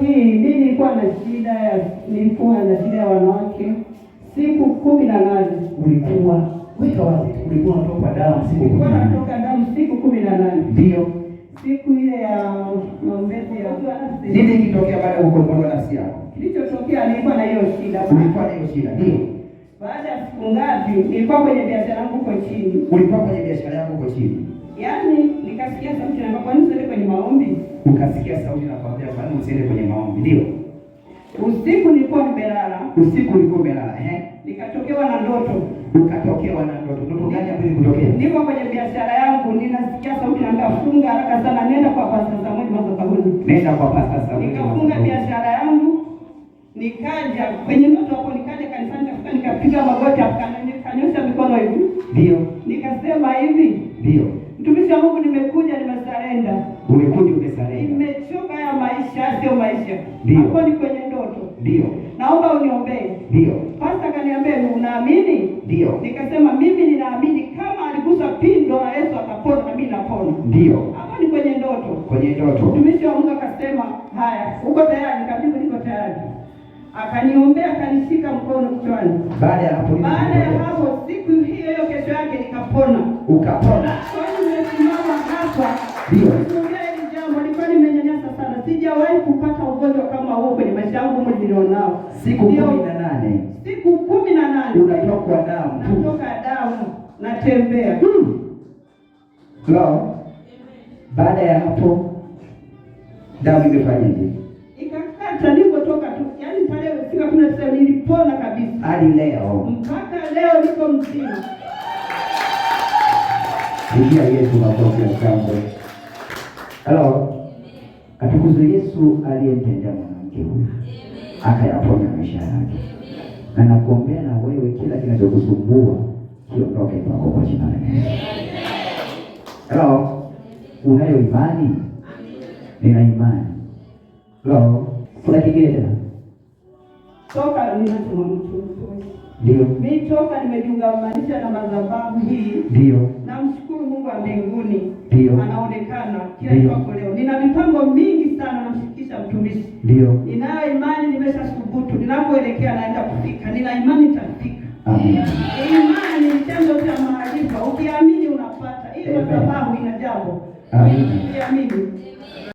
hii mi nilikuwa na shida ya nilikuwa na shida ya wanawake siku kumi na nane ulikuwa weka wazi, ulikuwa unatoka damu siku kumi na natoka damu siku kumi na nane ndio siku ile ya maombezi ya nini kitokea baada ya kukombolewa nafsi yako. Kilichotokea nilikuwa na hiyo shida, nilikuwa na hiyo shida ndio. Baada ya siku ngapi, nilikuwa kwenye biashara yangu huko chini, ulikuwa kwenye biashara yangu huko chini, yaani nikasikia sauti, na kwa nini kwenye maombi ukasikia sauti nakwambia, kwa nini usiende kwenye maombi? Ndio, usiku nilikuwa nimelala, usiku nilikuwa nimelala eh, nikatokewa na ndoto. Ukatokewa na ndoto? Ndoto gani hapo ilikutokea? Niko kwenye biashara yangu, ninasikia sauti naambia, funga haraka sana, nenda kwa pastor Samuel, pasta Samuel, nenda kwa pastor Samuel. Nikafunga biashara yangu, nikaja kwenye ndoto hapo, nikaja kanisani, nikafika, nikapiga magoti hapo, nikanyosha mikono hivi, ndio nikasema hivi, ndio nimekuja nimesarenda. Umekuja umesarenda. Nimechoka ya maisha sio maisha. Ndio. Hapo ni kwenye ndoto. Ndio. Naomba uniombee. Ndio. Pastor kaniambia ni unaamini? Ndio. Nikasema mimi ninaamini kama aligusa pindo na Yesu akapona na mimi napona. Ndio. Hapo ni kwenye ndoto. Kwenye ndoto. Mtumishi wa Mungu akasema, "Haya, uko tayari?" Nikajibu niko tayari. Akaniombea, akanishika mkono kichwani. Baada ya hapo, baada ya hapo siku hiyo hiyo kesho yake nikapona. Ukapona. Nikiongea sana, sijawahi kupata ugonjwa kama huu kwenye maisha yangu mimi nilionao. Siku kumi na nane siku kumi na damu, natoka damu, natembea hmm. Lo, baada ya hapo damu imefanyaje? Ikakata nilipotoka tu, yaani tarehe siku ya kumi nilipona kabisa hadi leo, mpaka leo niko mzima. Ingia Yesu, makofi ya shangwe. Hello. Atukuzwe Yesu aliyemtendea mwanamke huyu akayaponya maisha yake, na nakuombea na wewe, kila kinachokusumbua kiondoke kwako kwa jina la Yesu. Hello. Unayo imani? Nina imani. Hello. Kuna kingine tena? Toka ndio. Mimi toka nimejiunga maisha na madhabahu hii. Ndio. kila leo. Nina mipango mingi sana namshirikisha mtumishi. Ndio. Ninayo imani nimesha subutu ninapoelekea naenda kufika. Nina imani nitafika. Amen. Imani ni chanzo cha maarifa. Ukiamini unapata. Ile sababu ina jambo. Amen. Ukiamini